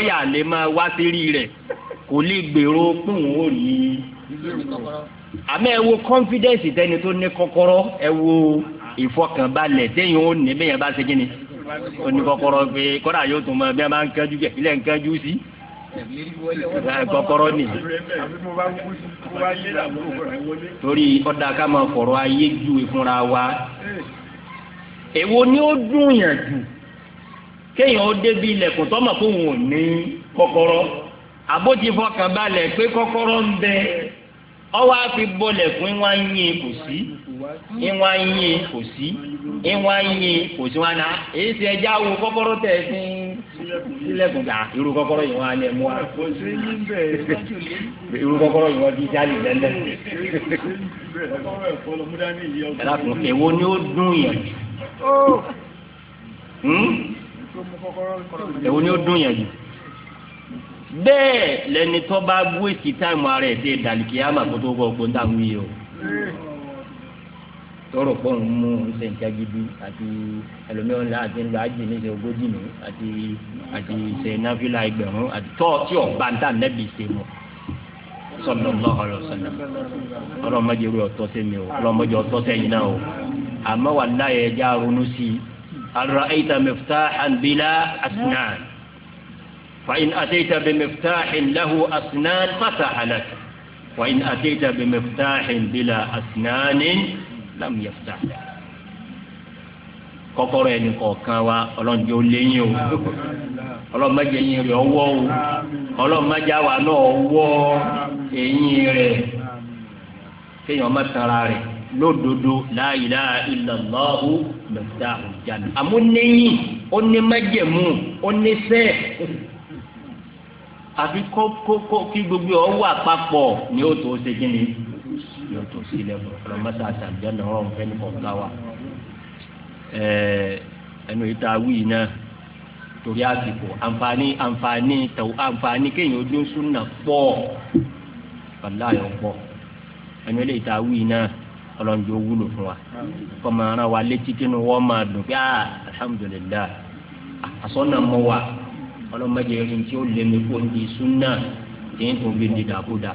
lọ́ọ̀yà lè máa wá sí rí rẹ̀ kò lè gbèrò pòun ó rí i. àmọ́ ẹ wo confidence tẹni tó ní kọ́kọ́rọ́ ẹ wo ìfọkànbalẹ̀ téèyàn ó ní bẹ́yẹn bá ṣe kí ni ó ní kọ́kọ́rọ́ pé kọ́dà yóò tún mọ bí wọ́n bá ń kánjú bẹ̀ ilẹ̀ ń kánjú sí kọ́kọ́rọ́ ni torí ọ̀dà ká máa fọ̀rọ̀ ayé ju ìfúnra wa èwo ni ó dùn yàn jù. kéèyàn ó débi ilẹ̀kùn tọ́mọ̀ kó wọn ò ní kọ́kọ́rọ́ àbójúfọkàn balẹ̀ pé kọ́kọ́rọ́ ń bẹ ọwọ́ á fi bọlẹ̀ fún ìwọ̀n yín kò sí ìwọ̀n yín kò sí ìwọ̀n yín kò sí wọn náà èyí ti ẹja wo kọ́kọ́rọ́ tẹ̀ dà irú kọ́kọ́rọ́ ni ó dún èwo ni ó dùn yẹn jù bẹ́ẹ̀ lẹni tó bá bú èsì táìmù ara ẹ̀ dé dàlìkì àmà kó tó gbọ́ ọgbọ́n táwọn yìí o tọrọ pọ̀ ń mú ṣe ń jágídí àti ẹlòmíràn ńlá àti ńlá àjì ní ṣe ogójì nù àti àti ṣe náfìlà ẹgbẹ̀rún àti tọ́ tí ọ̀gbá ń tà nẹ́bì ṣe mọ̀ sọ̀dọ̀ lọ́ sọ̀dọ̀ ọlọ́mọdé rú ọ̀tọ́ sẹ́mi o ọlọ́mọdé ọ̀tọ́ sẹ́yìn náà o àmọ́ wà láyé ẹja ronú sí i. هل رأيت مفتاحا بلا أسنان فإن أتيت بمفتاح له أسنان فتح لك وإن أتيت بمفتاح بلا أسنان لم يفتح لك kọ́kọ́rọ́ ni kọ̀ọ̀kan wa Ọlọ́run jẹ́ ó léyìn o Ọlọ́run má jẹ́ eyín rẹ̀ ọwọ́ o Ọlọ́run má jẹ́ àwa náà ọwọ́ eyín rẹ̀ kéèyàn má tara rẹ̀ lódodo la ilaha illallahu. lọ́dà àwùjáde àmọ́ nẹ́yìn ó àfi kó kó kó kí gbogbo ọ wà ni ó tó ṣe kí ni yóò tó sí ilẹ̀ bọ̀ ọlọ́mọṣà àtàlùjá náà ọ̀rọ̀ nfẹ́ ní kọ̀ọ̀ká wa ẹnu ìta wíì náà torí àsìkò àǹfààní àǹfààní tàwọn àǹfààní kéèyàn ojú ń sún náà pọ̀ pàlá yọ̀ pọ̀ ẹnu ìta wíì náà ọlọ́njọ́ wúlò fún wa kọ́mọ ara wa létí kínú wọ́n máa dùn bí ah, alhamdulilayi àsọ̀nà mọ́ wa ọlọ́mọdé yẹn tí ó lé mi kó di súnà tí ń tún bí dídàkúdà.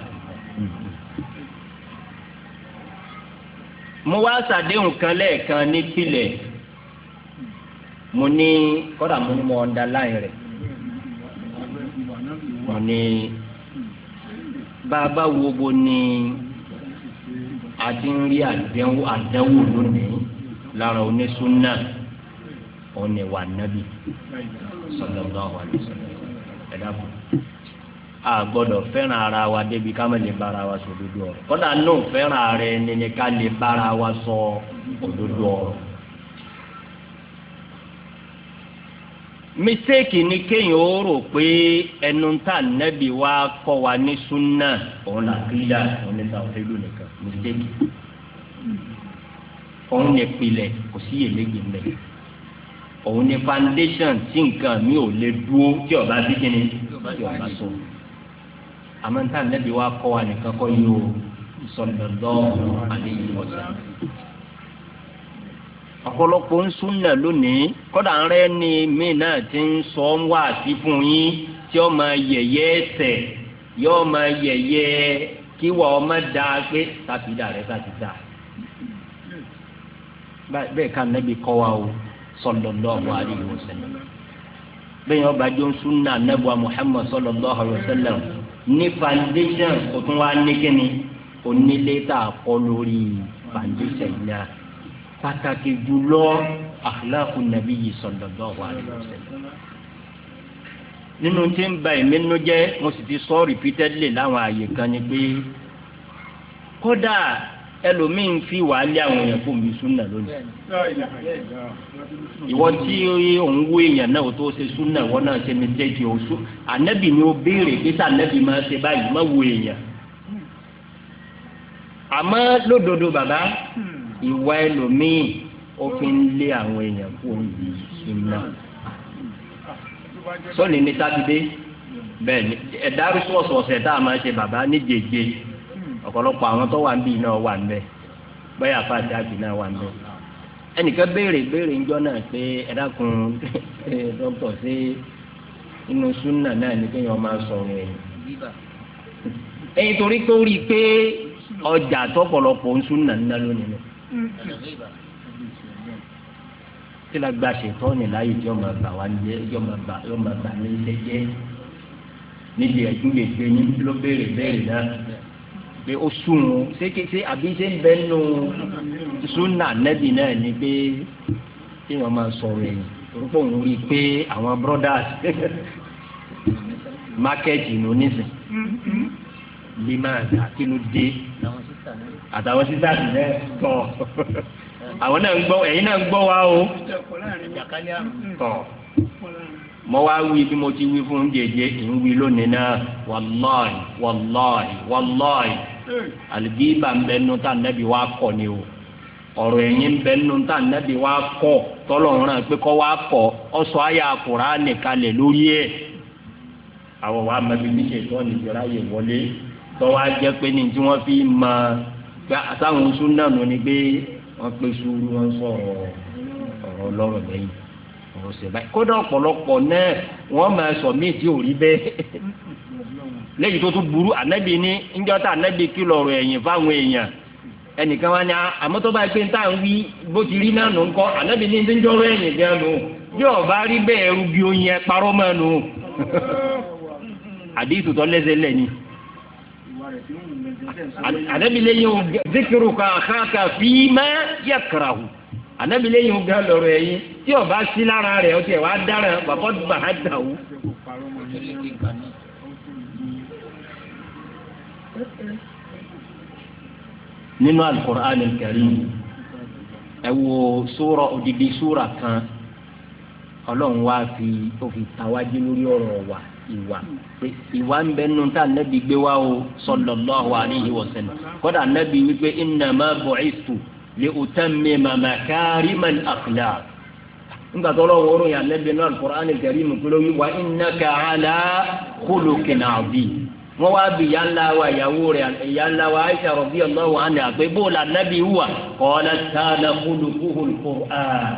mo wá ṣàdéhùn kan lẹ́ẹ̀kan ní pilẹ̀ mo ní kọ́dà mo ní mo ọ̀ndà láì rẹ̀ mo ní bá wo bo ní. Ni àti ń rí àdánwò àdánwò lónìí lára onísúnà òní wà nábì sallallahu alaihi wasallam ẹ dákun a gbọ́dọ̀ fẹ́ràn ara wa débi ká má lè bára wa sọ òdodo ọ̀rọ̀ kódà náà fẹ́ràn ara ẹni ká lè bára wa sọ òdodo ọ̀rọ̀. mistake ni kéèyàn ó rò pé ẹnu tá nẹ́bí wa kọ́ wa ní súnà òun là kílíà òun ní sàwọn ìlú nìkan mistake òun ní pilẹ̀ kò sí iyèméjì mbẹ òun ní foundation tí nǹkan mi ò lè dúró tí ọba bí kíni tí ọba sọ àmọ́ tá nẹ́bí wa kọ́ wa nìkan kọ́ yìí o sọ̀dọ̀dọ̀ àlejò ọ̀sán ọ̀pọ̀lọpọ̀ ń súnà lónìí kọ́dà ń rẹ́ ni mí náà ti ń sọ ń wá sí fún yín tí ó máa yẹ̀yẹ́ ẹsẹ̀ yóò máa yẹ̀yẹ́ kíwà ọmọ dáa pé sàfidà rẹ̀ sàfidà bẹ́ẹ̀ ká nẹ́bi kọ́ wa o sallallahu alaihi wasallam bẹ́ẹ̀ yẹn ọba jọ ń súnà nẹ́bùa Muhammad sallallahu alaihi wasallam ní foundation kò tún wá ní kíni onílé tá pàtàkì jùlọ akhlaqu nabiyyi sallallahu alaihi wasallam nínú tí ń ba èmi nínú jẹ́ mo sì ti sọ repeatedly láwọn àyè kan ni pé kódà ẹlòmíín fi wàhálẹ àwọn èèyàn fún mi súnà lónìí ìwọ tí òun wú èèyàn náà tó ṣe súnà ìwọ náà ṣe mi tẹ́jì oṣù ànẹ́bì ni ó béèrè pé sànẹ́bì máa ṣe báyìí má wú èèyàn àmọ́ lódodo bàbá. Hmm ìwà ẹlòmíì ó fi ń lé àwọn èèyàn kú òbí sunna. sọ́ni ní sátidé bẹ́ẹ̀ ni ẹ̀dá rúṣọ́ọ̀sì ọ̀sẹ̀ tá a máa ṣe bàbá ní jèjé ọ̀pọ̀lọpọ̀ àwọn tó wà ń bì náà wà ń bẹ̀ bẹ́ẹ̀ àfáàtì àgbì náà wà ń bẹ̀. ẹnìkan béèrè béèrè ńjọ́ náà pé ẹ̀dá kun dókítà sí inú sunna náà ní kéèyàn máa sọ̀rọ̀ ẹ̀ ẹ̀yin torí pé ó rí i pé ọjà tọ́pọ̀lọpọ̀ ń tí la gba ṣètọ́ ní láyé tí ọmọ bá wa jẹ ọmọ bá ọmọ bá mi lé jẹ níbi ẹ̀dùn lè gbé yín ló béèrè béèrè náà pé ó sùn ṣé kí ṣé àbí ṣé ń bẹ nù súnà nẹ́bì náà ni pé kí wọ́n máa sọ̀rọ̀ ẹ̀yìn orúkọ òun rí i pé àwọn brothers market nù nísìn mm-hmm. bí máa dà kí ló dé àtàwọn sísáàtì náà tọ̀ àwọn náà ń gbọ́ ẹ̀yin náà ń gbọ́ wa o tọ̀ mo wá wí bí mo ti wí fún jẹjẹ ń wí lónìí náà wàláì wàláì wàláì àlùbíbà ń bẹ nù tá nẹ́bí wa kọ̀ ni o ọ̀rọ̀ ẹ̀yin ń bẹ nù tá nẹ́bí wa kọ̀ tọ́lọ́run náà pé kọ́ wa kọ̀ ọ̀sọ̀ àyà Kùránì kalẹ̀ lórí ẹ̀ àwọn wa mẹ́bi bí ṣètò ọ̀nìjọ́ra yẹ wọlé tọ́wọ́ á pé ní tí wọ́n fi máa. sáwọn oṣù náà nù ni pé wọn pe sùúrù wọn sọ̀rọ̀ ọrọ lọ́rọ̀ lẹ́yìn ọ̀rọ̀ ṣe báyìí kódà ọpọlọpọ náà wọn máa sọ míì tí ò rí tó tún burú ni ah, báyìí pé ń wí bó ti rí náà nù ń kọ́ ń bí ọba rí rúbi oyin ẹ anabi lẹ́yìn o zikiru ka akáka fíìmà yakarahu anabi lẹ́yìn o gan lọ́rọ̀ ẹ̀yìn tí o bá sí lára rẹ̀ o tiẹ̀ wá dára bàbá bá a dà o. nínú alukur'an karim ẹ wo sura odidi sura kan ọlọ́run fi ó fi tawájú lórí ọ̀rọ̀ wa ìwà ìwà ń bẹ nínú tá anabi gbé wá o sallallahu alaihi wa sallam kódà anabi wípé innama bu'istu li utammima makarimal akhlaq nígbà tó lọ́wọ́ oorun yà anabi náà al-Qur'an al-Karim kúló wíwá innaka ala khuluqin azim wọ́n wá bí ìyá ńlá wa ìyàwó rẹ̀ ìyá ńlá wa Aisha radiyallahu anha àgbẹ̀ bó la anabi wà qalat kana khuluquhul Qur'an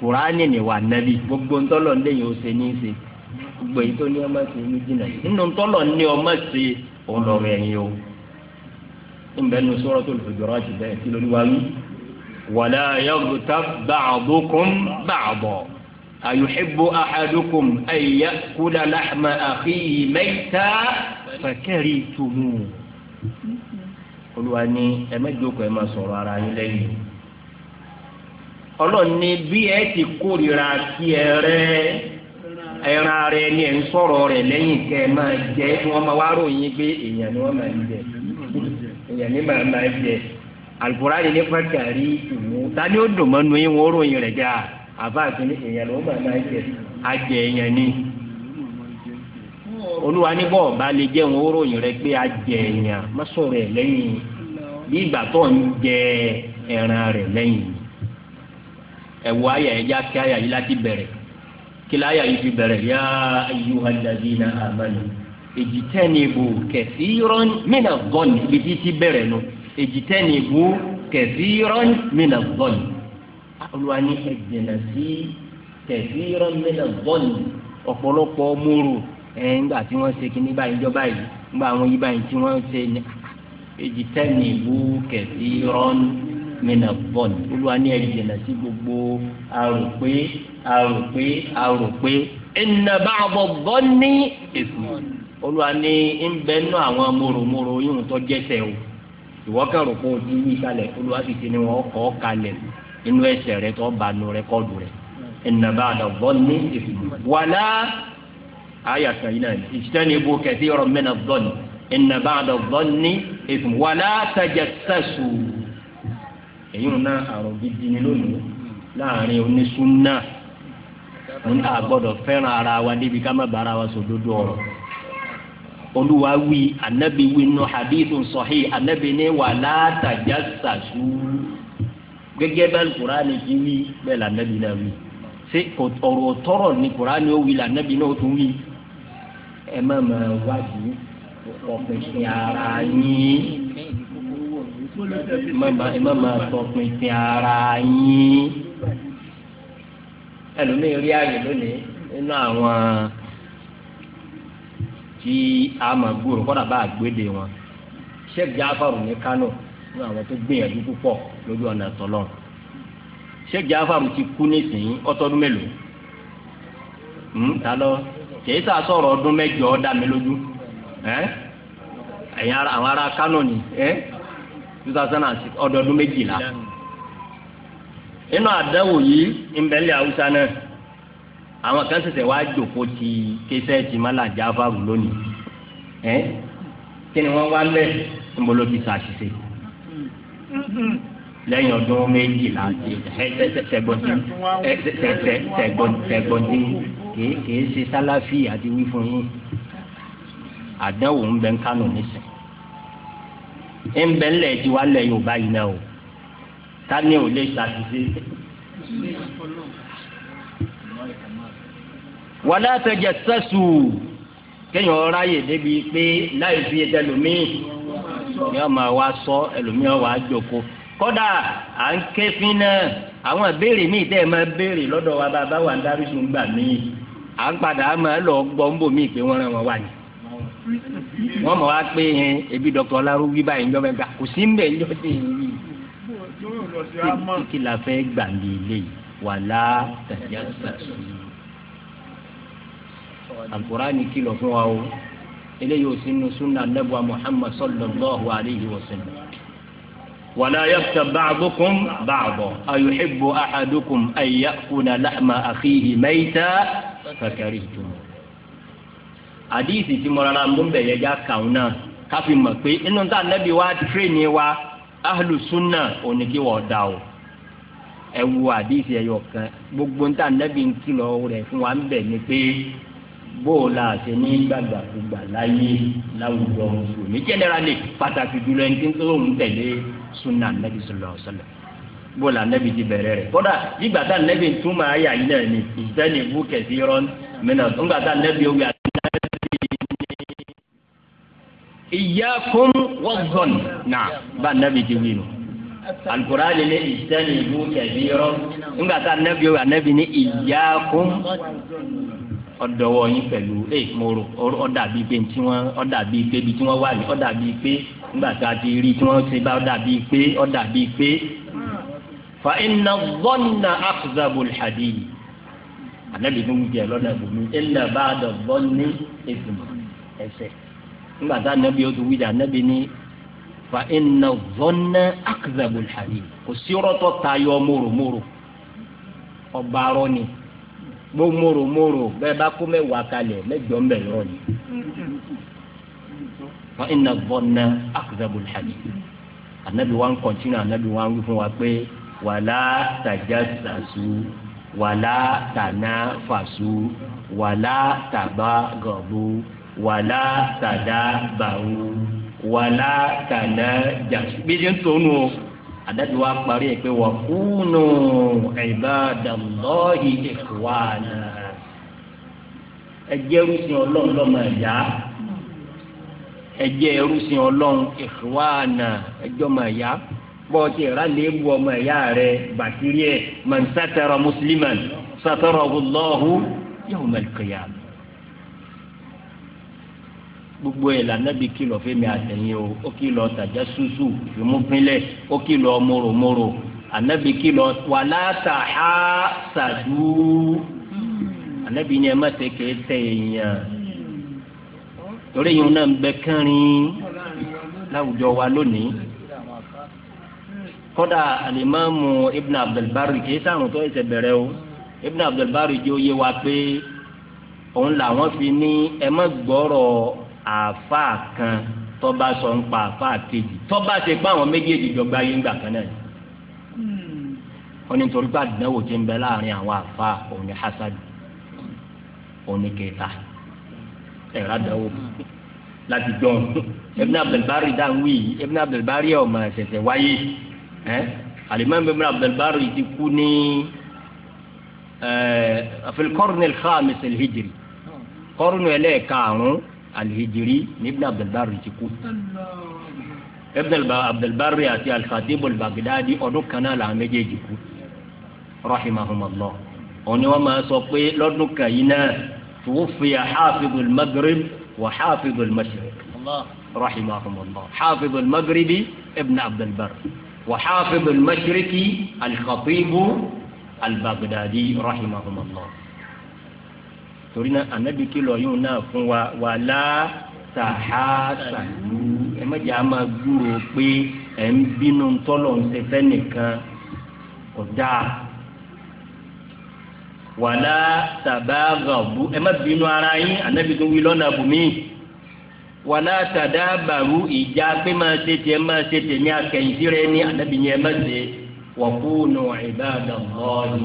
Qur'an ni gbogbo èyí tó ní ọmọ sí ní jìnnà yìí nínú tọ́lọ̀ ní ọmọ sí òun lọ́rọ̀ ẹ̀yìn o níbẹ̀ nínú Suratul Hujurat ti bẹ́ẹ̀ kí ló ní wá wí. wala yaghtab ba'dukum ba'da ayuhibbu ahadukum an ya'kula lahma akhihi maytan fakarihtumuh. olúwa ní ẹ mẹ́jọ́kọ̀ ẹ máa sọ̀rọ̀ ara yín lẹ́yìn ọlọ́ọ̀ni bí ẹ ti kórìíra kí ẹ rẹ́ẹ́ ẹran ara ẹni ẹ̀ ń sọ̀rọ̀ rẹ̀ lẹ́yìn kẹ ẹ máa jẹ kí máa wá ròyìn pé èèyàn ni ma máa ń jẹ èèyàn ni màá máa jẹ alukóra ni nípa kàrí ìwò ta ni ó dùn yín ròyìn rẹ̀ jà àbá àti ní èèyàn wọn máa máa jẹ àjẹ èèyàn ni olúwa ní bọ́ọ̀ bá lè jẹ́ ròyìn pé àjẹ èèyàn má lẹ́yìn bí ìgbà tó ń jẹ ẹran lẹ́yìn kíláyà yìí fi bẹ̀rẹ̀ yá ayyuhal ladina amanu ijtanibu kathiran mina dhanni ibi tí ti bẹ̀rẹ̀ nu ijtanibu kathiran mina dhanni olùwà ní ẹ̀jẹ̀nà sí kathiran mina dhanni ọ̀pọ̀lọpọ̀ mòrò ẹ̀ ńgbà tí wọ́n ṣe kíní báyìí jọba yìí ńgbà àwọn yìí báyìí tí wọ́n ṣe ijtanibu kathiran mina bọ́ọ̀nù olúwa ní ẹ̀rí jìnnà sí gbogbo àròpé àròpé àròpé inna ba'da dhanni ismun olúwa ní ń bẹ nú àwọn mòròmòrò yóò tó jẹ́sẹ̀ o ìwọ kẹrò kó o ti wí kalẹ̀ olúwa sì ti ní wọn kọ́ kalẹ̀ inú ẹsẹ̀ rẹ tó bá nu rẹ́kọ́dù rẹ inna ba'da dhanni ismun wàlá àyà kan yìí náà ijtanibu kathiran mina dhanni inna ba'da dhanni ismun wàlá tajassasu èyí ń ná àrùn gidi ni lónìí láàrin onísúnà ń tà gbọ́dọ̀ fẹ́ràn ara wa débi ká má bàa ara wa sòdodo ọ̀rọ̀ olúwa wí anabi wí nù hadith sọhí anabi ní wala tajassasu gẹ́gẹ́ bẹ́ẹ̀ kúránì ti wí bẹ́ẹ̀ lànàbí náà wí ṣé ọ̀rọ̀ tọrọ ni kúránì ó wí lànàbí náà tún wí ẹ má máa wádìí ọ̀pẹ̀sìn ara yín ẹ má máa sọ pé ti ara yín ẹlòmíì rí ààyè lónìí nínú àwọn tí a máa gbòòrò kọ́dà bá àgbéde wọn Sheikh Jaafar ní Kano nínú àwọn tó gbìyànjú púpọ̀ lójú ọ̀nà tọ́lọ́ Sheikh Jaafar ti kú nísìnyí ọtọ́dún mélòó ń hmm, ta lọ kìí sà sọ̀rọ̀ ọdún mẹ́jọ dá mi lójú ẹ̀ àwọn ará Kano ni ẹ̀. Eh? two thousand and six ọdọọdún méjìlá nínú àdáwò yìí ìmbẹ́lẹ̀ haúsá náà àwọn kan ṣẹ̀ṣẹ̀ wá jòkó ti kẹsẹ́ẹ̀tì mọ́làjà afárù lónìí ẹ́ kí ni wọ́n wá lẹ̀ ńbọ̀lọ́ ti ṣàṣìṣe lẹ́yìn ọdún méjìlá tẹ̀gbọ́ntì kìí ṣe sálàfì àti wífún yín àdáwò ń bẹ ń kánò nísìn ńbẹ ńlẹ ti wà lẹ yorùbá yìí náà o tani ò lè ṣàtúnṣe. wàlá àtẹjẹ sẹsù kéèyàn ráyè débi pé láì fi ẹlòmíì ni wọn máa wá sọ ẹlòmíì wọn wá jókòó kódà à ń ké fín náà àwọn ìbéèrè míì tẹ́ ẹ máa béèrè lọ́dọ̀ wa bá a ń dárí sùn gbà míì à ń padà máa lọ gbọ́ ń wọ́n mọ̀ wá pé yẹn ebi dọ́kítọ̀ ọlárúbí báyìí ń jọ mẹ́ta kò sí ń bẹ̀ ń jọ sí i kí la fẹ́ gbàgbé ilé yìí wàlá tẹ̀yẹ́sẹ̀sọ. Àlùkùránì kìlọ̀ fún wa o eléyìí ò sínú súnà nẹ́bùà Muhammad sallallahu alayhi wa sallam. ولا يغتب بعضكم بعضا أيحب أحدكم أن يأكل لحم أخيه ميتا فكرهتموه àdìsí tí mo rárá mú bẹ̀yẹ já kàún náà káfí mọ̀ pé inú tá nẹ́bí wa tírèèni wa ahlu òní kí wọ́n o ẹ wo àdìsí kan gbogbo tá nẹ́bí ń kìlọ̀ rẹ̀ fún wa ń bẹ̀ ni pé la ní gbàgbàgbà láyé láwùjọ mùsùlùmí pàtàkì jùlọ ẹni tí ń tẹ̀lé nẹ́bí sọlọ la ti bẹ̀rẹ̀ rẹ̀ kódà tá túmọ̀ ayé àyínà ni kẹ̀sí iyakum wazọn na ba nabi ti wi nu alukura lele isani ibu kẹbi yọrọ nga ta nabi yọ anabi ni iyakum ọdọwọ yín pẹ̀lú ẹ eh, mọrò ọdàbí pé tí wọn ọdàbí pé bí tí wọn wà ní ọdàbí pé nígbà tá a ti rí tí wọn ṣe bá ọdàbí pé ọdàbí pé fa inna zọnna akzabul hadid anabi ló ń jẹ lọ́nà ìbomi ẹnna bá a dọ̀ bọ́ ní ìgbìmọ̀ ẹsẹ̀ nígbà tá anabi ó ti wí dà anabi ní fa ẹnna zọ́nà akzabul hadith kò sí rọ́tọ̀ tayọ mòròmòrò ọba arọ ni mo mòròmòrò bẹ́ẹ̀ bá kó mẹ́wàá kalẹ̀ mẹ́jọ ń yọrọ ni fa ẹnna zọ́nà akzabul hadith anabi wa ń kọ̀ntínú anabi wa ń wí fún wa pé wàlá tajà sàṣù wàlá tàná fàṣù wàlá tàbá gọ̀bù wàlá tàdá bàwù wàlá tàná jàṣù. bí ṣe ń tónú o àdájọ́ wa parí ẹ̀ pé wọ́n kúnnù ibadallahi ikhwana ẹjẹ́ rúṣin ọlọ́run lọ́mọ ẹ̀yà ẹjẹ́ rúṣin ọlọ́run ikhwana ẹjọ́ mọ̀ ẹ̀yà bọ́ọ̀tì ẹ̀rá léwu ọmọ ẹ̀yà rẹ̀ bàtírí ẹ̀ man satara musliman satarahu Allahu yawm al-qiyamah. gbogbo ẹ̀ lànàbí kìlọ̀ fẹ́mi àtẹ̀yìn o ó kìlọ̀ tàjà ṣuṣu ìmúpínlẹ̀ ó kìlọ̀ mòròmòrò ànàbí kìlọ̀ wala tahasadu ànàbí ni ẹ má ṣe kẹ́ tẹ̀ èèyàn torí yìí náà ń bẹ kẹrin láwùjọ wa lónìí kódà alimami ibn abdulbari kì í sáwọn tó ẹsẹ̀ bẹ̀rẹ̀ o ibn abdulbari jẹ́ oyé wa pé òun làwọn fi ní ẹ má gbọ́rọ̀ àfa kan tọ́ba sọ ń pa àfa kejì tọ́ba ṣe pé àwọn méjèèjì jọgbá yé ńgbà kan náà wọ́n hmm. ní torí pé àdínẹ́wò ti ń bẹ láàrin àwọn àfa òun ní hasad òun ní kẹta ẹ̀rọ àdánwò láti gbọ́n Ibn Abdul Bari dáhùn wí Ibn Abdul Bari ọ̀mọ̀ ẹ̀sẹ̀sẹ̀ wáyé. Eh? alimami bin abdulbari ti kú ní afilikọrun eh, alhamis alhijiri kọrun ẹlẹ́ẹ̀karùn alhijiri ní bin abdulbari ti kú ibn abdulbari àti alkhatibu albagdadi ọdún kan náà làwọn méjèèjì kú rahimahumallah òní wọn máa sọ pé lọ́dún kan yìí náà tuwufiya hafidul magrib wa hafidul mashriq rahimahumallah hafidul magribi ibn abdulbari. وحافظ المشرق الخطيب البغدادي رحمه الله torí náà anabi kìlọ̀ yóò náà fún wa wà lá tàhásàlú ẹ mẹ́jẹ̀ á máa gbúrò pé ẹ̀ ń bínú tọ́lọ̀ ń ṣe fẹ́nìkan kò dáa wà lá tàbá gàbú ẹ má bínú ara yín anabi tó wí lọ́nà bùnmí wàlá tàdábàrú ìjà pé máa ṣe tiẹ̀ máa ṣe tèmi akẹ́yìn sí rẹ ní ànábì yẹn má ṣe wọ̀kúùnù ibadallahi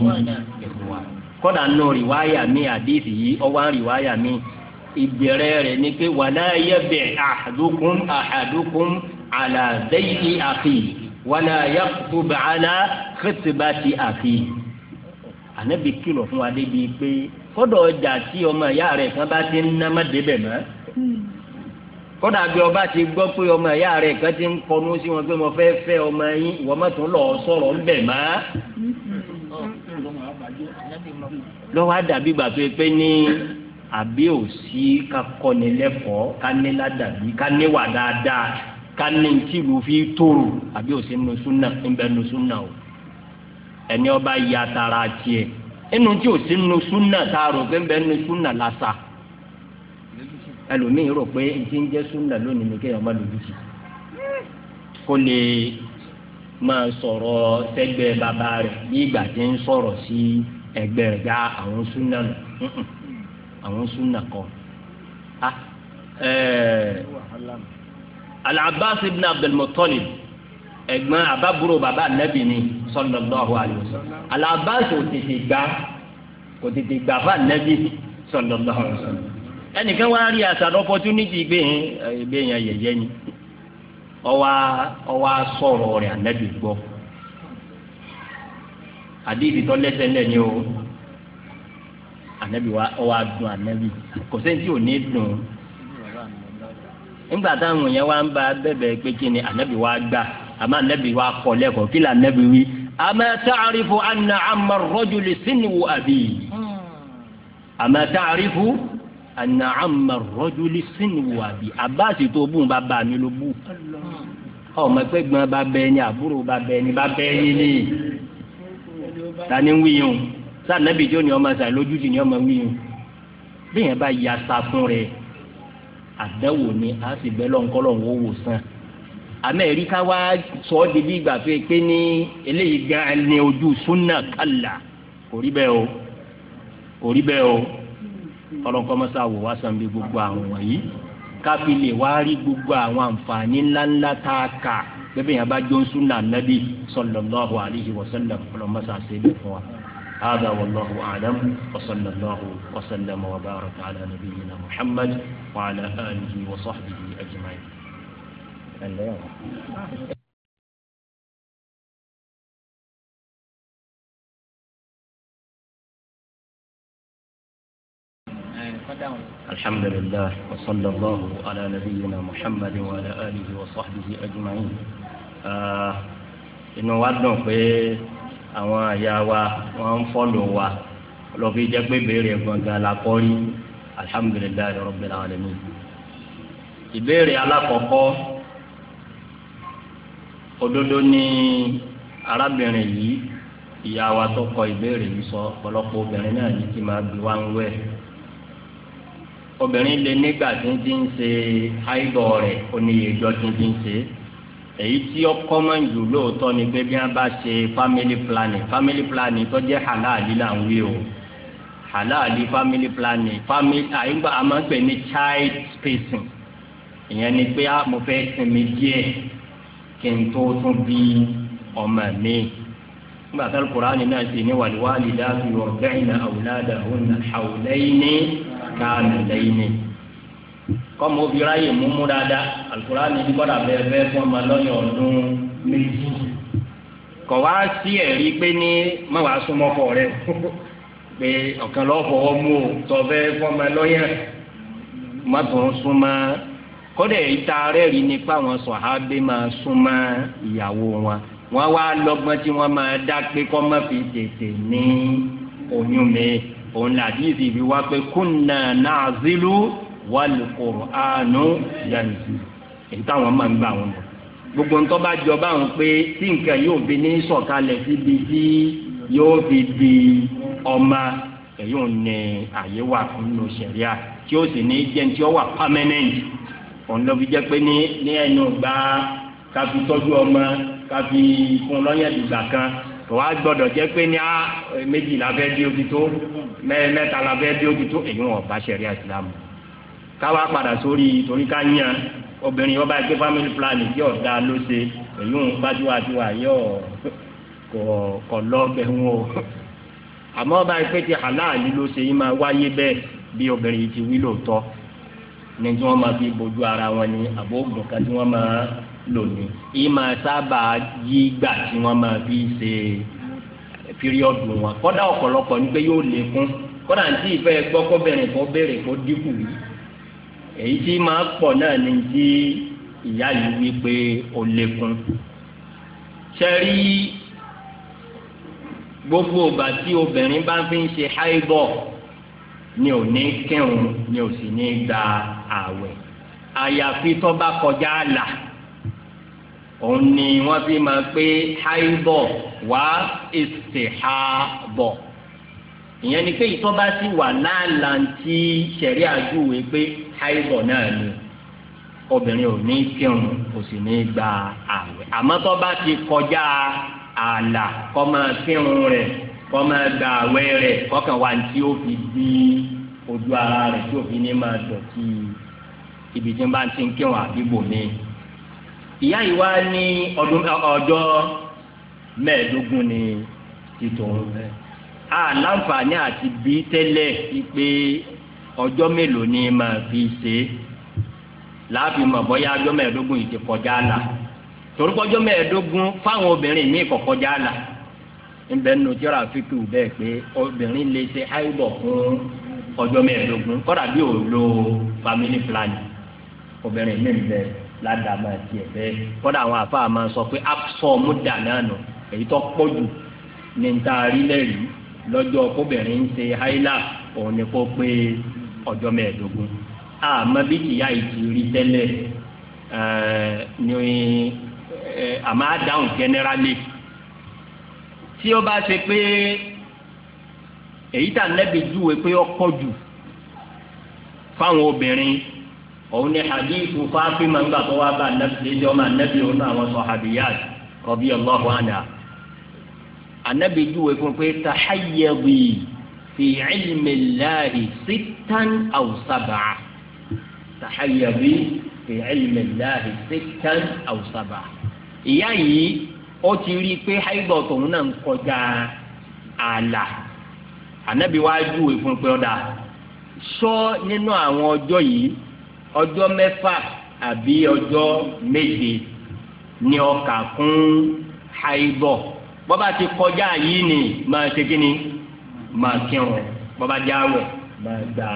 ikhwan. kọ́dà nù rìwáyà mi àdìsí yìí ọwọ́ rìwáyà mi ìbẹ̀rẹ̀ rẹ̀ ni pé wàlá yẹ̀bẹ̀ ahadukum ahadukum àlà dayyi akhi wàlá yakhutub àlà khitbati akhi. ànábì kìlọ̀ fún wa débi pé kọ́dọ̀ ọjà tí ọmọ ìyá rẹ̀ kan ti ń ná má débẹ̀ kódà bí ọba ti gbọ́ pé ọmọ ìyá rẹ̀ kan ti ń kọnu sí wọn pé mo fẹ́ fẹ́ ọmọ yín ìwọ mọ̀tò lọ sọ̀rọ̀ ń bẹ̀ mọ́. lọ́wọ́ àdàbí gbà pé pé ní àbí ò sí ká kọ́ni lẹ́kọ̀ọ́ ká ní ládàbí ká níwà dáadáa ká ní fi tóru àbí ò sí nùsúnà ńbẹ nùsúnà o ẹni ọba ya tara tiẹ̀ inú tí ò sí nùsúnà tá pé ńbẹ nùsúnà lásà ẹlòmíì rò pé ntí ń jẹ́ súnà lónìí ni kéèyàn má lò lùjì kó lè máa sọ̀rọ̀ sẹ́gbẹ́ bàbá rẹ̀ bí ìgbà tí ń sọ̀rọ̀ sí ẹgbẹ́ rẹ̀ gba ah, àwọn súnà nù àwọn súnà kan. Ah, eh, Al-Abbas ibn Abdul Muttalib ẹ̀gbọ́n àbábúrò bàbá anabi ni sallallahu alaihi wasallam al tètè gbà kò tètè gbà fún anabi sallallahu alaihi ẹnìkan wá rí àṣà lọ́pọ̀túnìtì gbé gbé yẹn yẹ̀yẹ́ ni ọwá ọwá sọ̀rọ̀ rẹ̀ ànábì gbọ́ àdìsí tó lẹ́sẹ̀ lẹ̀ ni o ànábì wa ọwá dùn ànábì kò sẹ́ni dùn nígbà táwọn yẹn wá ń bá pé kí ni ànábì wa gbà àmọ́ ànábì wa kí wí hmm. àná àmà rọ́júlì sínú wàbí àbáàsì tó bùn bàbá mi ló bù ọmọ ẹgbẹ́ gbọ́n bá bẹ ẹni àbúrò bá bẹ ẹni bá bẹ ẹni ní tani ń wíyùn sànàbì tí ó ní ọmọ sàn lójú ti ní ọmọ wíyùn bí yẹn bá ya sa fún rẹ àdáwò ni a sì bẹ lọ́nkọ́lọ́ ń wò sàn àmọ́ ẹ̀rí ká di bí ìgbà tó yẹ pé ní gan ni ojú súnà kàlà kò rí o kò rí o ọlọ́nkọ́mọ́sá wò wá san bí gbogbo àwọn wọ̀nyí káfí lè wá rí gbogbo àwọn àǹfààní ńláńlá tá a kà bẹ́ẹ̀ yẹn bá jó ń súnà nàbí sallallahu alaihi wa sallam ọlọ́mọ́sá ṣe lè fún wa. هذا والله أعلم وصلى الله وسلم وبارك على نبينا محمد وعلى آله وصحبه أجمعين. الحمد لله وصلى الله على نبينا محمد وعلى آله وصحبه أجمعين inú wa dùn pé àwọn àyà wa wọ́n ń fọ́lò wa lọ́fi jẹ́ pé béèrè gbọ̀ngàn làkọ́rí alhamdulilayi rabbil alamin ìbéèrè alákọ̀ọ́kọ́ òdodo ni arábìnrin yìí ìyá wa tó kọ ìbéèrè yìí sọ ọ̀pọ̀lọpọ̀ obìnrin náà ní kí máa bí wá ń wẹ̀ obìnrin lè nígbà tí ń ti ń ṣe àìbọ̀ rẹ̀ oníyèjọ́ tí ń ti ń ṣe èyí tí ó kọ́mọ̀ jù lóòótọ́ ni pé bí wọ́n bá ṣe family planning family planning tó jẹ́ halali là ń wí o halali family planning family àyìnbá a máa ń pè ní child spacing ìyẹn ni pé ah, mo fẹ́ sinmi díẹ̀ kí n tó tún bí ọmọ mi nígbà tí Al-Qur'ani náà ṣe ní wal walidatu yurdi'na awladahunna hawlayni káàmì lẹ́yìn ni kọ́mọ obìnrin ayé múmú dáadáa alukurani ní kọ́dà bẹ́ẹ̀ bẹ́ẹ̀ fún ọmọ lọ́yìn ọdún méjì kọ̀ wá sí pé ní má wàá súnmọ́ fọ rẹ pé ọ̀kan lọ́ọ́ fọwọ́ o tọ́ bẹ́ẹ̀ fún ọmọ lọ́yìn má tó ń súnmọ́ kọ́dà ìta rẹ̀ rí ni pé àwọn sọ̀hábẹ́ máa súnmọ́ ìyàwó wọn wọ́n wá lọ́gbọ́n tí wọ́n máa dá pé kọ́ fi tètè ní oyún mi òun ní àdìsí fi wá pé kúnnà náà zílù wàlùkùránù yanzu èyí táwọn máa ń gbà wọn lọ gbogbo ntọ́ bá jọ báwọn pé tí nǹkan yóò fi ní sọ̀kalẹ̀ síbi tí yóò fi di ọmọ èyí ò ní àyè wà nínú sẹ̀ríà tí ó sì ní jẹ́ tí ó wà pámẹ́nẹ́ǹtì òun ló fi jẹ́ pé ní ẹnu gba ká fi tọ́jú ọmọ ká fi fún lọ́yẹ̀dùgbà kan wàá gbọ́dọ̀ jẹ́ pé ní ah, méjì la fẹ́ di ojú tó mẹ́ta la fẹ́ di ojú tó èyí wọn bá ṣẹ̀ríà Ìsìlámù káwá padà sórí torí ká yàn obìnrin yóò bá gbé family planning yóò dá ló ṣe èyí wọn gbájúwájúwá yóò kọ lọbẹ wọn o àmọ́ bá pé ti halali ló ṣe yín máa wáyé bẹ́ẹ̀ bí obìnrin yìí ti wí lóòótọ́ ní tí wọ́n máa fi bójú ara wọn ni àbóògùn kan tí wọ́n máa lónìí yìí máa sábà yí gbà tí wọ́n máa fi ṣe píríọ̀dù wọn kọ́dà ọ̀pọ̀lọpọ̀ ní pé yóò lékún kọ́dà tí ìfẹ́ gbọ́ kọ́bẹ̀rẹ̀ kọ́ bẹ̀rẹ̀ kó dínkù yìí èyí tí máa pọ̀ náà ni tí ìyá yìí wí pé ó lékún sẹ́rí gbogbo ìgbà tí obìnrin bá fi ń ṣe háìbọ̀ ni ò ní kírun ni ò sì ní gba ààwẹ̀ àyàfi tó bá kọjá àlà òun ni wọ́n fi máa pé haibọ̀ wá ìsìhábọ̀ ìyẹn ni pé ìtọ́ bá sì wà láàlàntí sẹ̀rí àjúwe pé haibọ̀ náà ni obìnrin ò ní kírun kò sì ní gba àwẹ̀ àmọ́ tó bá ti kọjá ààlà kó máa kírun rẹ̀ kó máa gba àwẹ̀ rẹ̀ kọ́kàn wá tí ó fi di ojú ara rẹ̀ tí ó fi ní máa dọ̀tí ibi tí wọ́n bá ti ń kírun àbí bòmíì. ìyá yìí wá ní ọdún ọjọ́ mẹ́ẹ̀ẹ́dógún ni a láǹfààní àti bí tẹ́lẹ̀ pé ọjọ́ mélòó ni màá fi ṣe é láàfin mọ̀ bọ́yá ọjọ́ mẹ́ẹ̀ẹ́dógún yìí ti kọjá la torúkọ ọjọ́ mẹ́ẹ̀ẹ́dógún fáwọn obìnrin míì kọ̀ kọjá la nù bẹ́ẹ̀ pé obìnrin lè ṣe àìbọ̀ fún ọjọ́ lada tiẹ̀ bẹ́ẹ̀ kọ́dà àwọn àfáà máa sọ pé absọ̀mù dànù pe èyí tó pọ̀ jù ní n ta rí lẹ́rìí lọ́jọ́ kóbìnrin ń ṣe ọjọ òun ni kó pé ọjọ́ mẹ́ẹ̀ẹ́dógún àmọ́ bí kìyà ìtì rí tẹ́lẹ̀ ni àmọ́ àdáhùn gẹ́nẹ́rálì tí ó bá ṣe pé èyí tà lẹ́bi júwe pé òun ni hadithu fáfímà ńgbà tó wá bá anabi ẹjọ́ máa anabi òun náà àwọn sahabiyat radiyallahu anha anabi júwe fún pé tahayyadi fi ilmi llahi sittan aw sab'a tahayyadi fi ilmi llahi sittan aw sab'a ìyá yìí ó ti rí i pé haidọ̀ tòun náà ń kọjá ààlà anabi wá júwe fún pé ọ̀dà sọ nínú àwọn ọjọ́ yìí ọjọ́ mẹ́fà àbí ọjọ́ méje ni ọkà kún haibọ̀ bọ́ba ti kọjá yìí ni máa ṣe kí ni máa kírun bọ́ba já wẹ̀ máa gba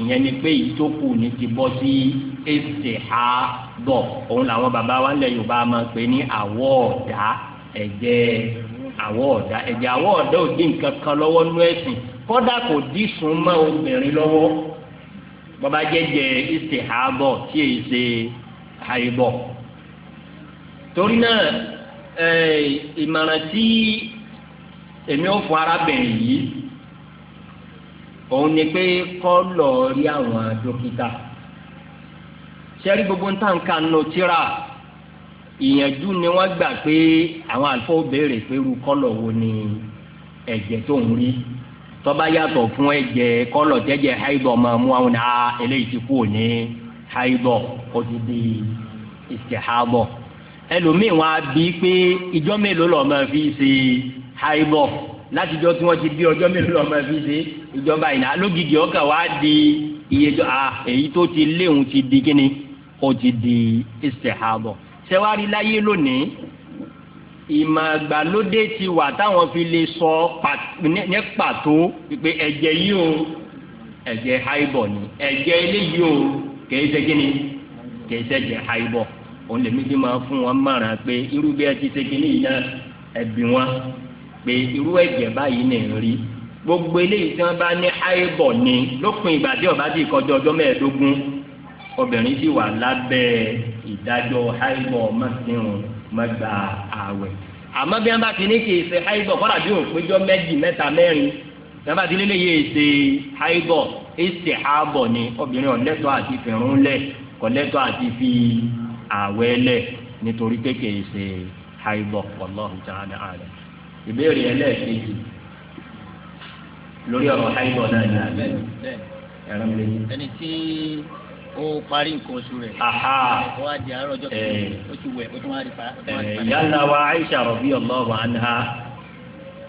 ìyẹn ni pé ìtókù ni ti bọ́ sí èsì ha bọ̀ òun làwọn bàbá wa lẹ̀ Yorùbá máa pè ní àwọ̀ ọ̀dà ẹ̀jẹ̀ àwọ̀ ọ̀dà ẹ̀jẹ̀ àwọ̀ ọ̀dà ò dín nǹkan kan lọ́wọ́ nú ẹ̀sìn kọ́dà kò dín sùn mọ́ obìnrin lọ́wọ́ bọ́bá jẹ́jẹ́ ìsìnhábọ̀ tí èyí ṣe àìbọ̀ torí náà ìmọ̀ràn tí èmi ò fún arábìnrin yìí òun ni pé kó lọ rí àwọn dókítà sẹ́rí gbogbo ń tàn ká nù tíra ìyànjú ni wọ́n gbà pé àwọn àlùfáà béèrè pé irú kọ́lọ̀ wo ni ẹ̀jẹ̀ tó ń rí tọ́ba yàtọ̀ fún ẹ̀jẹ̀ kọ́lọ̀ tẹ́jẹ̀ haibọ̀ máa mú àwọn náà eléyìí ti kú òní haibọ̀ ó ti di ìsìkèhábọ̀ ẹlòmíì wọn á bí pé ìjọ mélòó lọ́ọ́ máa fi ṣe haibọ̀ láti jọ tí wọ́n ti bí ọjọ́ mélòó lọ́ọ́ máa fi ṣe ìjọba ìná lógìdì ọkà wá di ìyẹjọ́ à èyí tó ti léhùn ti di kíni ó ti di ìsìkèhábọ̀ ṣẹ́wárí láyé lónìí ìmọ̀ àgbàlódé ti wà táwọn fi lè sọ ní pàtó pé ẹ̀jẹ̀ yìí o ẹ̀jẹ̀ haibọ̀ ni ẹ̀jẹ̀ eléyìí o kìí ṣe kí ni kìí ṣe ẹ̀jẹ̀ haibọ̀ òun lèmi ti máa fún wọn mọ̀ràn pé irú bí ẹ ti ṣe kí ni ìyá ẹ̀bí wọn pé irú ẹ̀jẹ̀ báyìí ní rí gbogbo eléyìí tí wọ́n bá ní haibọ̀ ni lópin ìgbà tí ó ti kọjá ọjọ́ mẹ́ẹ̀ẹ́dógún obìnrin sì wà lábẹ́ ìdájọ́ haibọ̀ mọ́sìnrún mọ́gbà ààwẹ̀. àmọ́ bí wọ́n bá ti ní kì í ṣe haibọ̀ kọ́ra bí òun péjọ méjì mẹ́ta mẹ́rin bí wọ́n bá ti nílé yìí ṣe haibọ̀ èsì ààbọ̀ ni obìnrin ọ̀lẹ́tọ̀ àti fìrún lẹ̀ kọ̀lẹ́tọ̀ àti fi ààwẹ̀ lẹ̀ nítorí pé kì í ṣe haibọ̀ wallahu ta'ala a'lam ìbéèrè ẹlẹ́ẹ̀kejì lórí ọ̀rọ̀ haibọ̀ náà ní àbẹ̀ ẹ̀rọ ó parí nǹkan oṣù rẹ̀ ó wá di àárọ̀ ọjọ́ kejì eh. ó ti wẹ̀ ó tún wá di pa. Eh, yálà wa aisha radiyallahu anha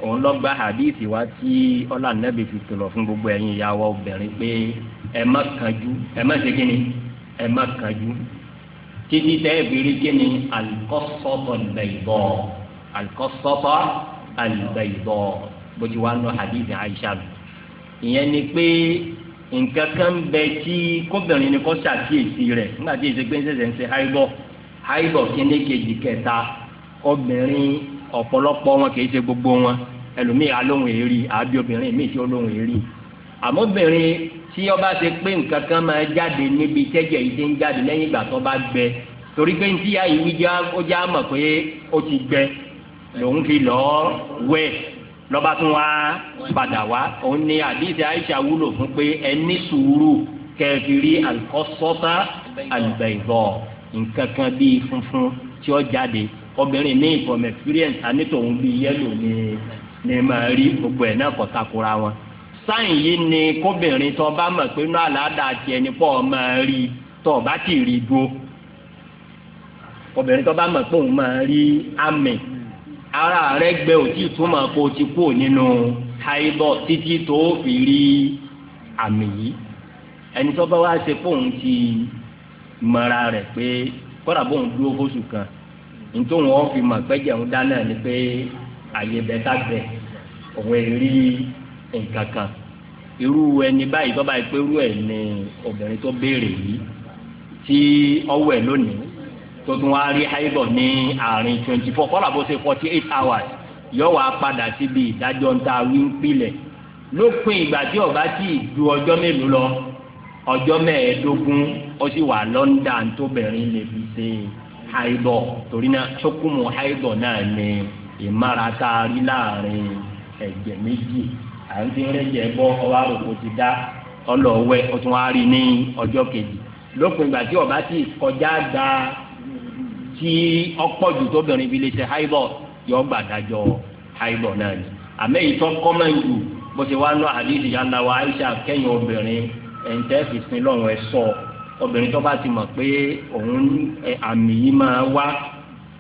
òun lọ gba hadithi wa tí ọlá nẹ́bí fi tòlọ̀ fún gbogbo ẹ̀yin ìyàwó obìnrin pé ẹ má kanjú ẹ má ṣe kíni ẹ má kanjú títí tẹ́ ẹ bìrì kíni alikọ́sọ́tọ̀ al alikọ́sọ́tọ̀ al bójú wa nù hadithi aisha ìyẹn ni pé nǹkan kan bẹ tí kóbìnrin ni kó ṣàkíyèsí rẹ̀ nígbà tí èsì gbẹ́nsẹ̀sẹ̀ ń ṣe háìbọ̀ háìbọ̀ kíní kejì kẹta obìnrin ọ̀pọ̀lọpọ̀ wọn kì í ṣe gbogbo wọn ẹlòmíì alóhùn èrí àbí obìnrin míì tí olóhùn èrí àmọ́bìnrin tí ó bá ṣe pé nǹkan kan máa jáde níbi tẹ́jẹ̀ yìí ti ń jáde lẹ́yìn ìgbà tó bá gbẹ torí pé ntí àyíwí ó já mọ̀ pé ó ti gbẹ lòun fi lọ́ọ́ wẹ̀ lọ́ba tún wá padà wá òun ni àdìsí Aisha wúlò fún pé ẹni sùúrù kẹfìrí àlùkọ́sọ́tà àlùbẹ̀yìnbọ̀ nǹkan kan bíi funfun tí ó jáde obìnrin ní from experience anítòun bíi yẹ́lò ni ni màá rí gbogbo ẹ̀ náà kọ́ takora wọn sáyìn yìí ni kóbìnrin tó bá mọ̀ pé náà làádá tiẹ̀ ní pọ̀ máa rí tó bá ti rí dúró obìnrin tó bá mọ̀ pé òun máa rí àmì ara rẹ gbẹ òtí ìtumọ̀ kó o ti kú nínú haibọ̀ títí tó fi rí àmì yìí ẹni tó bá wá ṣe fóun ti mọ̀ra rẹ̀ pé kọ́dà bóun dúró fóṣù kan nítorí wọn fi mọ̀ pẹ́jẹ̀ ń dáná ni pé àyè bẹ́tà bẹ̀ òun rí nǹkan kan irú ẹni báyìí tó báyìí pé irú ẹ̀ ni obìnrin tó béèrè yìí tí ọwọ́ ẹ̀ lónìí tó tún wá rí haibọ ní àárín twenty four kọ́lá bó ṣe forty eight hours yóò wá padà síbi ìdájọ́ ńta wíńpilẹ̀ lópin ìgbà tí ọba tí ì ju ọjọ́ mélòó lọ ọjọ́ mẹ́ẹ̀ẹ́dógún ó sì wà lọ́ńdà tóbìnrin lè fi ṣe haibọ torí náà ṣókùmù haibọ náà ni ìmárata rí láàrin ẹ̀jẹ̀ méjì à ń fi rẹ́jẹ̀ bọ́ ọwọ́ àròkò ti dá ọlọ́wẹ́ ó tún wá rí ní ọjọ́ kejì lópin ìgbà tí ọba tí ì kọjá dáa tí ọ̀pọ̀jù tóbìnrin fi lè ṣe haibọ̀ yọ gbà dájọ́ haibọ̀ náà ni àmẹ́yìí tó kọ́mọ̀ jù bó ṣe wá lọ àdìsí yàrá wa Aisha kẹ́yìn obìnrin ẹ̀ǹtẹ́ fi sin lọ́rùn ẹ̀ sọ obìnrin tó bá ti mọ̀ pé òun àmì yìí máa wá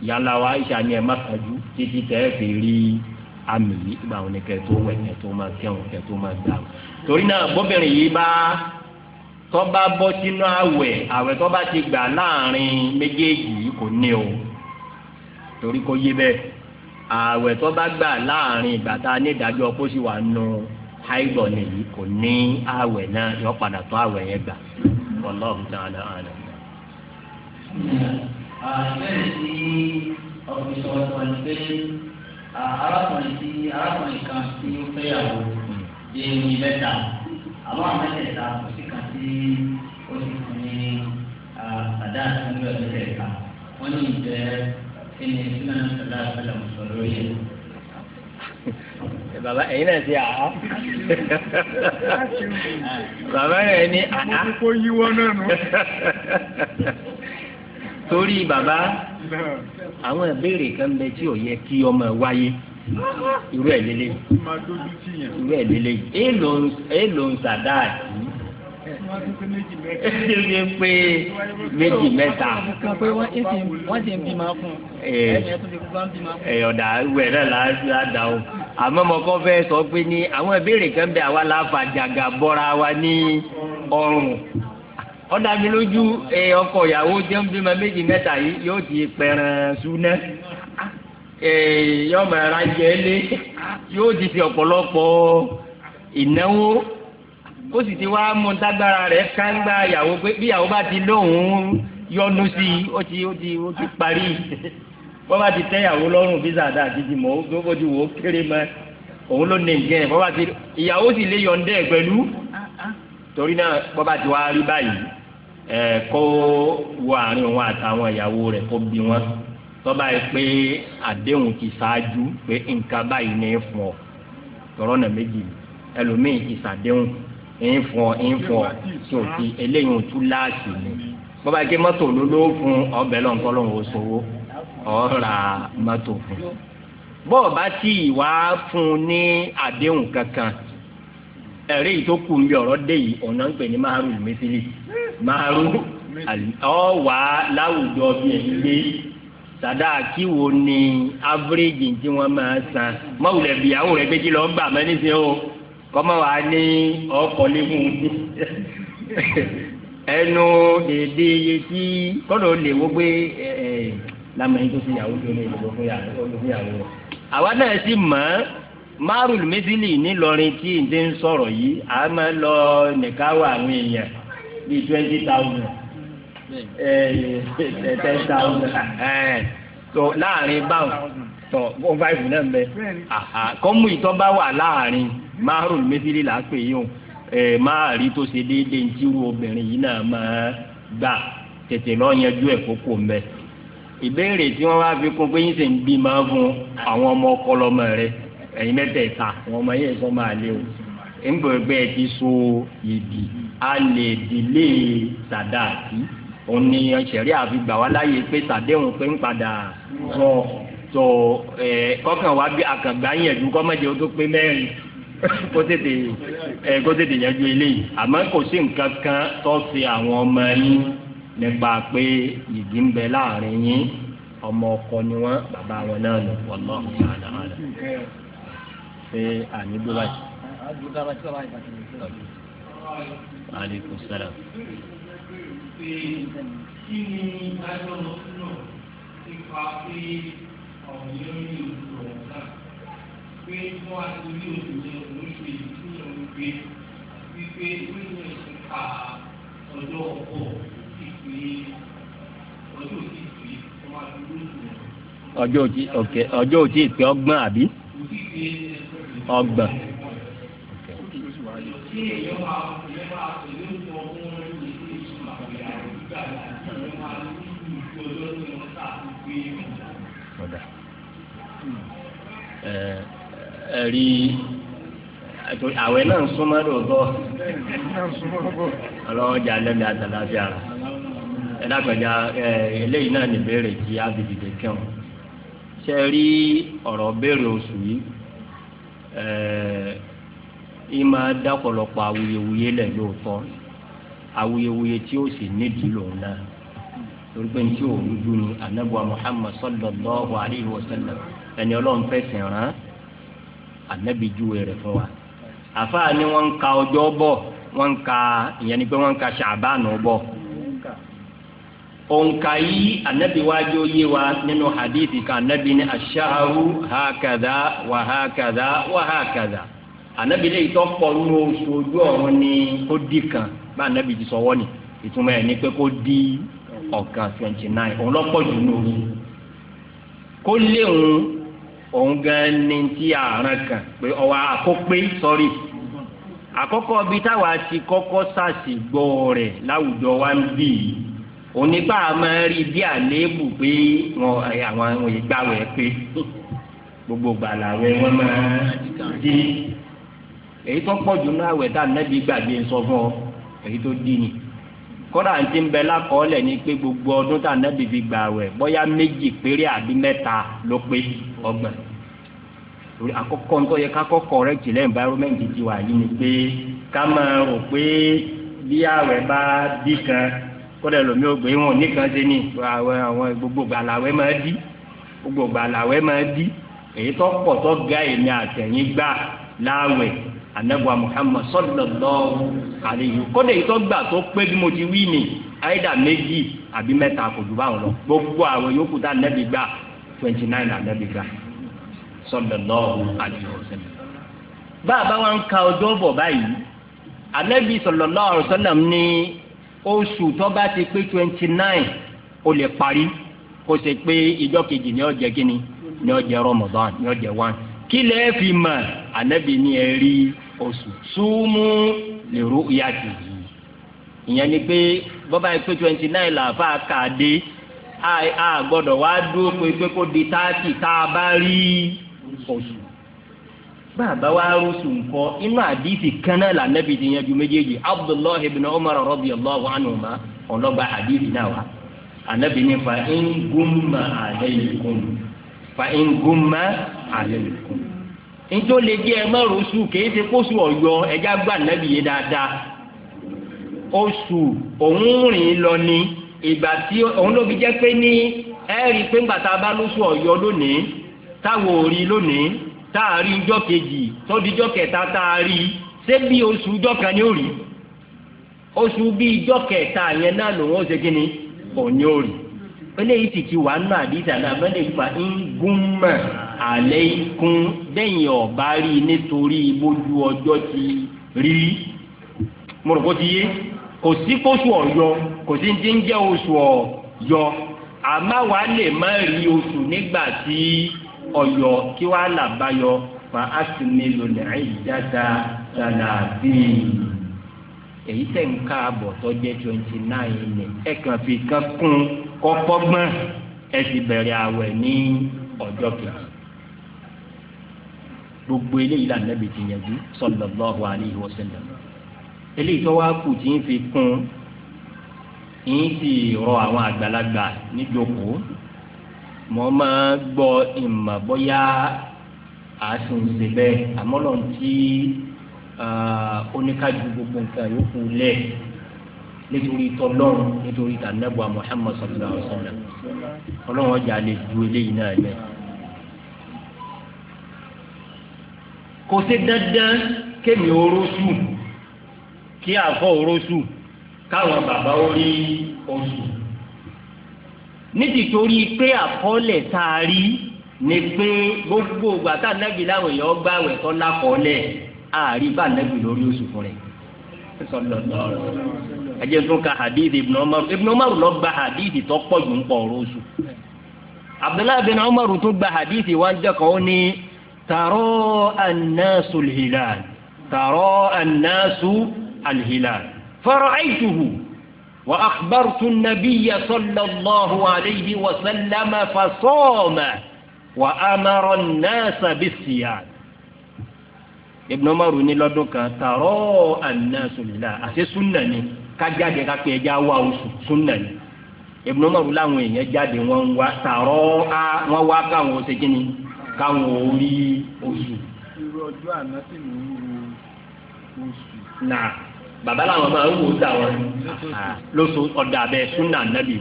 yàrá wa Aisha ni ẹ̀ má kánjú títí tẹ́ fi rí àmì yìí ìgbà òun ni kẹ́ tó wẹ̀ kẹ́ máa kẹ́hùn kẹ́ tó máa dà torí náà bóbìnrin yìí bá tọ́ba bọ́ sínú àwẹ̀ àwẹ̀ tọ́ba ti gbà láàrin méjèèjì yìí kò ní o torí kò yé bẹ́ẹ̀ àwẹ̀ tọ́ba gbà láàrin ìgbà tá a ní ìdájọ́ kó sì wà nù háìbọ̀ nìyí kò ní àwẹ̀ náà yọ padà tó àwẹ̀ yẹn gbà ọlọ́run tí a lọ àná. àbẹ̀rẹ̀ sí ọ̀fíìsọ̀ ọ̀tọ̀ọ̀lù pé arákùnrin tí arákùnrin kan tí ó fẹ́yàwó dé hmm. ní mẹ́ta àwọn àmẹ́tẹ̀ẹ̀ta kò sí tí ó ti fún ní àdá àtúndì ọdún kẹta wọn ní ìjẹ kíni sílẹ̀ náà sọ̀rọ̀ àbẹ̀lẹ̀ mùsùlùmí lórí ẹ̀. bàbá ẹ̀yin náà ti àá bàbá rẹ̀ ní àá kó yíwọ́ náà nù. torí bàbá àwọn ìbéèrè kan bẹ tí ò yẹ kí ọmọ wáyé irú ẹ̀ lélẹ́yìn irú ẹ̀ lélẹ́yìn èèlò ń sàdáàtì ṣe pé méjì mẹ́ta. kan pé wọ́n ti wọ́n ti ń bímọ fún un. ẹ ọ̀dà ìwé náà là á dà o àmọ́ mo kọ́ fẹ́ sọ pé ní àwọn ìbéèrè kan bẹ àwa la fà jàgà bọ́ra wa ní ọrùn ọ̀dà mi lójú ọkọ ìyàwó jẹ́ ń bímọ méjì mẹ́ta yìí yóò ti pẹ̀ràn súná yọmọ ara jẹ lé yóò ti fi ọ̀pọ̀lọpọ̀ ìnáwó ó sì ti wá mú dágbára rẹ̀ káńgbá ìyàwó pé bí ìyàwó bá ti lóhùn yọnu sí i ó ti ó ti ó ti parí bọ́ bá ti tẹ́ ìyàwó lọ́rùn bí sàdá àti jìmọ̀ ó ti wò ó kéré mọ́ òun ló ní nǹkan ẹ̀ bọ́ bá ti ìyàwó sì lè yọ̀ǹdẹ́ ẹ̀ pẹ̀lú torí náà bọ́ bá ti wá rí báyìí ẹ̀ kó wo àárín òun àtàwọn ìyàwó rẹ̀ kó bí wọn tọ́ba yìí pé àdéhùn ti ṣáájú pé nǹkan báyìí ní fún ọ tọ̀rọ̀ náà méjì ẹlòmíì ìṣàdéhùn ń fún ọ ń fún ọ tí o fi eléyìí ò tún láàṣì ni bọ́ba ike mọ́tò ló ló fún ọbẹ̀ lọ́nkọ́ lọ́hùn ó sowó ọ̀ọ́ra mọ́tò fún bọ́ọ̀bá tí ìwà fún ní àdéhùn kankan ẹ̀rí tó kù ń bí ọ̀rọ̀ dé yìí ọ̀nà ń pè ní máàrú mẹ́sílì máàrú ọ̀wà láwùjọ bí ẹ̀ ń gbé sàdáàkì wo ni áfíríjì tí wọ́n máa san mọ́wùlẹ̀ bìyàwó rẹ̀ gbé lọ́ọ́ gbà mẹ́nísìn o kọ́mọ wa ní ọ̀pọ̀lẹ́gùn ẹnu dèdè iye tí kọ́dọ̀ lè wó gbé lamẹ́yìn tó ti yàwó tó lè lọ fún yàwó rẹ̀. àwa náà sì mọ̀ ọ́ márùn mẹ́sìlì ńìlọrin tí n ti ń sọ̀rọ̀ yìí a máa lọ nìkáwọ́ àwọn èèyàn bíi twenty thousand ten thousand so láàrin báwọn tó one five náà mẹ́ kọ́mú ìtọ́ bá wà láàrin maharul mesiri là á pè yín o ẹ máa rí tó ṣe déédéé ní tíru obìnrin yìí náà máa gbà tètè lọ yanjú ẹ kókó mbẹ ìbéèrè tí wọn wá fi kún pé yín sì ń bí máa fún àwọn ọmọ ọkọlọmọ rẹ ẹyin mẹ́tẹ̀ẹ̀ta àwọn ọmọ yẹn sọ máa lé o ńgbẹ̀gbẹ́ ti so ìdì a lè dìlé sàdáàtì òun ni ṣẹ̀rí àfi gbà wá láàyè pé sàdéhùn pé ń padà sọ tó ẹ kọ́kàn wá bí àkàngbá yẹn ju kọ́mọ́jẹ́ o tó pé mẹ́rin kó tètè ẹ kó tètè yanjú eléyìí àmọ́ kò sí nǹkan kan tó fi àwọn ọmọ yín nípa pé ìdí ń bẹ láàrin yín ọmọ ọkọ ni wọn bàbá wọn náà lọ pọ̀ náà ọ̀hánà ọ̀hánà ṣé àmì gbé báyìí. Aleykum salaam kí ni ìdájọ́ lọ sínú nípa pé ọ̀hún yóò ní ìlú ọ̀hún náà pé wọ́n á oṣù yẹn lóṣù yìí tí wọ́n wípé wíwọ́n ẹ̀sìn ká ọjọ́ ọ̀pọ̀ ìpè ọjọ́ òtí ìpè wọ́n á oṣù yẹn. ọjọ́ òtí ọ̀kẹ́ ọjọ́ òtí ìpè ọgbọ́n àbí ọgbọ̀n. Ọ̀dà. Hmm. ẹ̀rí àwẹ̀ náà ń súnmọ́ lóòótọ́ ọlọ́wọ́ jà lẹ́nu àtàlàfíà ara ẹ dákọ̀já eléyìí náà ní béèrè tí fi dìde kẹ́hùn ṣe rí ọ̀rọ̀ béèrè oṣù yìí ẹ máa dápọ̀lọpọ̀ awuyewuye lẹ̀ lóòótọ́ awuyewuye tí ó sì nídìí lòun náà torí pé ní tí òun dúró ní anábọ̀ Muhammad sallallahu alaihi wasallam ẹni ọlọ́run ànábì júwe rẹ̀ fún wa àfáà ni wọ́n ń ka ọjọ́ bọ̀ wọ́n ka ìyẹn ni pé wọ́n ń ka ṣàbánu bọ̀ òǹkà yìí ànábì wájú yé wa nínú hadith kan ànábì ní aṣááru hákàdá wà hákàdá wà hákàdá ànábì lè tọ́ pọ̀ nínú oṣù ojú ọ̀run ni ó dì kan bá ànábì ti sọ̀wọ́ ni ìtumọ̀ ẹ̀ ni pé kó di ọ̀kan twenty nine òun lọ́pọ̀ jù nínú òun gan ni ti àrùn kan pé ọwọ́ àkópé sọ́rí àkọ́kọ́ bí táwa ti kọ́kọ́ sàṣì gbọ́ rẹ̀ láwùjọ wa ń bì í onígbà máa rí bí àléébù pé wọn àwọn àwọn ìgbàwẹ̀ pé gbogbo gbàlàwẹ̀ wọn máa dé èyí tó pọ̀ jù náà àwẹ̀ tá nẹ́bí gbàgbé sọ fún ọ èyí tó dì ní kọ́dà ti ń bẹ lákọọ́lẹ̀ ni pé gbogbo ọdún tá nẹ́bí fi gbàwẹ̀ bóyá méjì péré àbí mẹ́ta ló pé ọgbọ̀n torí àkọ́kọ́ ń tọ́ yẹ ká kọ́kọ́ rẹ jìlẹ̀ environment ti wà yìí ni pé ká máa rò pé bí àwẹ̀ bá dì kan kódà lómi ò gbé wọn nìkan ṣe ní àwẹ̀ àwọn gbogbo gbàlàwẹ̀ máa dì gbogbo gbàlàwẹ̀ máa dì èyí tó pọ̀ tó ga èmi àtẹ̀yìn gbà láwẹ̀ anagba Muhammad sallallahu alayhi kódà èyí tó gbà tó pé bí mo ti wí ni àyídà méjì àbí mẹ́ta kò jù báwọn lọ gbogbo àwọn yòókù tá a nẹ́bi gbà twenty nine ànábì gbà sallallahu alaihi wasallam. bá a bá wọn ka ọjọ́ bọ̀ báyìí ànábì sallallahu alaihi wasallam ní oṣù tó bá ti pé twenty nine ó lè parí kó ṣe pé ìjọ kejì ni ó jẹ kíni ni ó jẹ Ramadan ni ó jẹ one kí lẹ́ẹ̀ fi mọ̀ ànábì ní ẹ rí oṣù súnmú lè ìyá tìyí ìyẹn ni pé bọ́bá yìí pé twenty nine làáfà kàdé a gbọ́dọ̀ wá dúró pé pé kó di táàtì tá a bá rí oṣù bàbá wa rúṣù nǹkan inú àdìsí là nẹ́bi ti yanjú méjèèjì abdullahi ibn umar radiyallahu anhuma ọlọ́gba àdìsí náà wa ànábi ní fa in gumma alaykum fa in gumma alaykum njó lè jẹ́ ẹ mọ́ rúṣù kìí ṣe kóṣù ọ̀yọ́ ẹ̀já gbà lọ ni. ìgbà tí òun ló fi jẹ́ pé ní ẹ̀rí pé ńgbà tá a bá lóṣù ọ̀yọ́ lónìí táwọn ò rí lónìí tá a rí ọjọ́ kejì tọ́díjọ́ kẹta tá a rí ṣé bí oṣù ọjọ́ kan ni ó rí oṣù bí ọjọ́ kẹta yẹn náà lòun ó ṣe kí ni òní ó rí eléyìí sì ti wà nù àdìsá náà abẹ́lé ìgbà ń gúnmọ̀ àlẹ́ ikún bẹ́yìn ọ̀bá rí nítorí bójú ọjọ́ ti rí mo rò kó ti yé kò sí kóṣù ọ̀yọ́ kò sí ti ń jẹ́ oṣù ọ̀yọ́ àmọ́ wà á lè má rí oṣù nígbà tí ọ̀yọ́ kí wàá là bá yọ fa asìnì lòlẹ̀ ìdáta sàlàbí èyí tẹ̀ ń ká àbọ̀ tó twenty nine ní ẹ̀ kàn fi kan kún kọ́ fọ́gbọ́n ẹ sì bẹ̀rẹ̀ àwẹ̀ ní ọjọ́ kejì gbogbo eléyìí la nàbì ti yànjú sallallahu alaihi wasallam eléyìí tó wá kù tí ń fi kún yìí sì rọ àwọn àgbàlagbà níjókòó mo máa gbọ́ ìmọ̀ bóyá àṣìṣe bẹ́ẹ̀ àmọ́ lọ́n tí oníkájú gbogbo nǹkan yòókù lẹ̀ nítorí tọlọ́run nítorí tànẹ́bùà Muhammad sallallahu alaihi wasallam ọlọ́run ọjà lè ju eléyìí náà lẹ̀. kò sí dandan kémi orósù kí àfọ orósù káwọn bàbá ó rí oṣù nídìí torí pé àkọọ́lẹ̀ tá a rí ni pé gbogbo ìgbà tá ànábì láwọn èèyàn gbà wẹ̀ tọ́ lákọọ́lẹ̀ àárí bá ànábì lórí oṣù fún rẹ̀ ẹjẹ tó ka hadith ibn Umar ibn Umar lọ gba hadith tó pọ̀ jù ń pọ̀ ọ̀rọ̀ oṣù Abdullahi bin Umar tó gba hadith wọn jẹ́ kan ó ní tààrọ́ anásù tààrọ́ anásù فرأيته وأخبرت النبي صلى الله عليه وسلم فصام وأمر الناس بالصيام Ibn Umar ní lọ́dún kan tààrọ́ ànáṣù lílá àṣẹ súnà ni ká jáde ká pé ẹja wá oṣù súnà ni Ibn Umar láwọn èèyàn jáde wọ́n wá tààrọ́ wọ́n wá káwọn oṣù kínní káwọn orí oṣù. irú ọjọ́ àná sì ní oṣù. náà bàbá làwọn máa ń wò ó tàwọn lóṣù ọ̀dà abẹ súnà nàbì.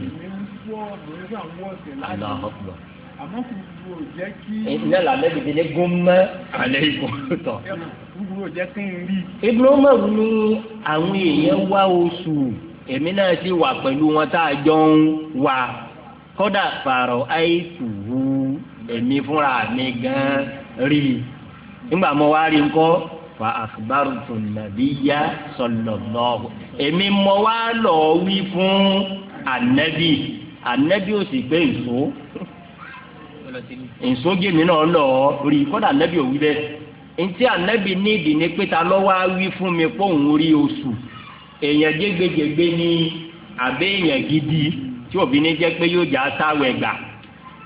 iná làbẹ́ bìbí ní gómà alẹ́ ìgbọ̀n tọ̀. ibùdó mọ̀ ní àwọn èèyàn wá oṣù èmi náà ti wà pẹ̀lú wọn tá a jọ ń wà kódà fàrọ̀ àìsùwù èmi fúnra mi gan rí i nígbà mo wá rí i ńkọ́ fa akhbartu nàbíyá sallallahu èmi mọ wá lọ wí fún ànábì ànábì ò sì pé nso nso gèmi náà lọ rí kódà ànábì ò wí bẹ́ẹ̀ ntí ànábì nídìí ni pé ta ló wá wí fún mi pé òun rí oṣù èèyàn jégbéjégbé ní àbẹ èèyàn gidi tí òbí ní jẹ́ pé yóò jà sáwẹ̀ gbà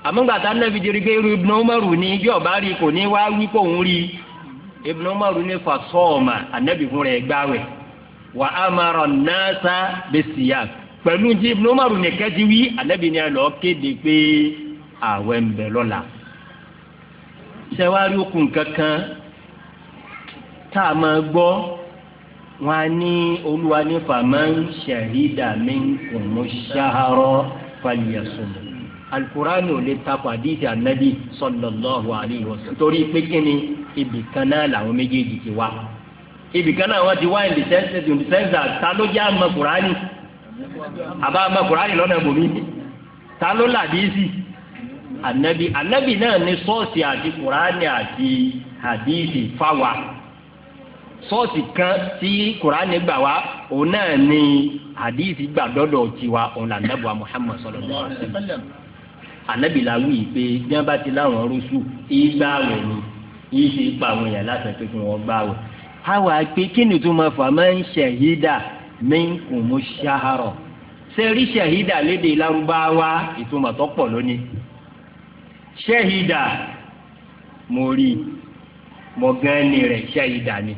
àmúgbàtà nàbì jẹ́rìí pé irú Umaru ní bí ọba rí kò ní wá wí pé òun rí i ibùdó márùn ní fa sọ́ọ̀mà ànábì fúnra ẹ̀ gbáwẹ̀ wà á máa rọ̀ náàsà bẹ́sìyà pẹ̀lú tí ibùdó márùn ní kẹ́tì wí ànábì ni ẹ kéde pé àwẹ̀ ń bẹ lọ́la sẹ́wárí okùn kankan tá a máa gbọ́ wọn á ní olúwa ní fàmà ń ṣẹ̀rídà mi kò mú ṣáárọ̀ fàlìyàsọ̀mù alukurani ò lè takò àdìsí ànábì sallallahu alaihi wasallam torí pé kíni ibì kan náà làwọn méjèèjì ti wá ibì kan náà wọ́n ti wá ìdìsẹ́nsà ta ló jẹ́ àmọ́ kùránì àbá àmọ́ kùránì lọ́nà ìbòmí ta ló làdíìsì ànábì ànábì náà ní sọ́ọ̀sì àti kùránì àti àdíìsì fáwa sọ́ọ̀sì kan tí kùránì gbà wá òun náà ní àdíìsì gbà dọ́dọ̀ tiwa òun là nàbọ̀ Muhammad sallallahu alaihi wasallam ànábì la wí pé bí wọ́n bá ti láwọn rúṣù ìgbà rẹ̀ ni yìí ti pa àwọn èèyàn láti pé kí wọ́n gbá wò àwa pé kí ni tó máa fà máa ń ṣẹ̀hídà mí kò mú ṣáhárọ̀ sẹ́rí ṣẹ̀hídà lédè lárúbáwá ìtumọ̀ tó pọ̀ lónìí ṣẹ̀hídà mo rí mo gan ni rẹ̀ ṣẹ̀hídà ni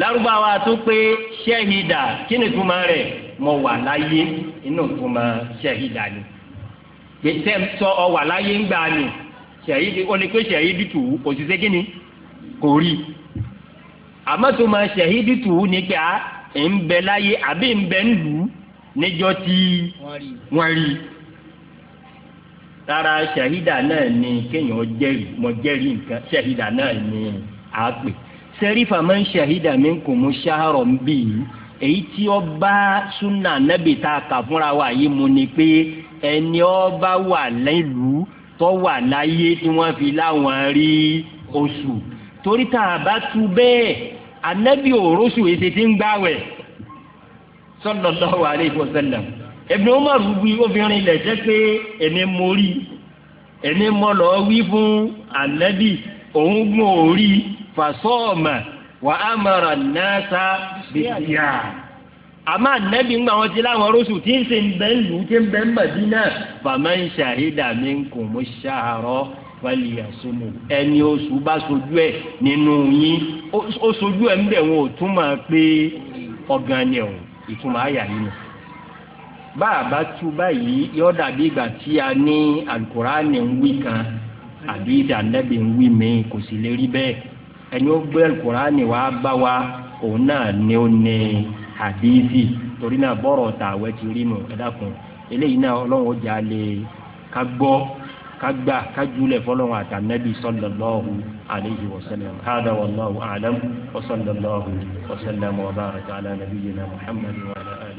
lárúbáwá tó pé ṣẹ̀hídà kí ni tó máa rẹ̀ mo wà láyé inú tó máa ṣẹ̀hídà ni gbèsè sọ ọ wà láyé ń gbà ni ṣàyídì ó ní pé ṣàyídì tù ú kò sì ṣe kíni kò rí àmọ́ tó máa ṣàyídì tù ú ní pé à ń bẹ láyé àbí ń bẹ ń lù tí wọ́n rí rárá ṣàhídà náà ni kéèyàn jẹ́rìí mo jẹ́rìí nǹkan ṣàhídà náà ni à á pè sẹ́rífà máa ń ṣàhídà mi kò mú ṣáárọ̀ ń bì í èyí tí ó bá súnà nábì kà fúnra wa yìí mu ni pé ẹni ó bá wà lẹ́lùú tó wà láyé tí wọ́n fi láwọn rí oṣù torí tá a bá tú bẹ́ẹ̀ anabi òroṣù èsì ti ń gbáwẹ̀ sallallahu alaihi wasallam Ibn Umar wí obìnrin lẹ̀ jẹ́ pé èmi mo rí èmi wí fún anabi òun gbọ́n orí fasọ́ọ̀mà wa amara an-nasa bìyà àmọ́ ànábì ń gbà wọn ti láwọn rọ́ṣù tí ń sìn bẹ́ẹ̀ lù ú tí ń bẹ́ẹ̀ Mẹdínà fàmà ń ṣàhídà mi kò mú ṣàárọ̀ wálé àsomù ẹni oṣù bá sojú ẹ nínú yín ó sojú ẹ ń bẹ̀ wọn ò túmọ̀ pé ọ̀gàn ni ọ̀hún ìtumọ̀ àyà yìí nù báàbá tú báyìí yóò dàbí ìgbà tí a ní alukurani ń wí kan àbí ìdánilẹ́bi ń wí mi kò sì lè rí bẹ́ẹ̀ ẹni ó gbé alukurani wá bá wa òun náà ni ó ní hadithi torí náà bọ́rọ̀ tààwẹ̀ ti rí nù ẹ dákun eléyìí náà ọlọ́run ó jà lè ká gbọ́ ká gbà ká júlẹ̀ fọlọ́run àtànẹ́bí sallallahu alayhi wa sallam hada wallahu a'lam wa sallallahu wa sallam wa baraka ala nabiyyina muhammadin wa ala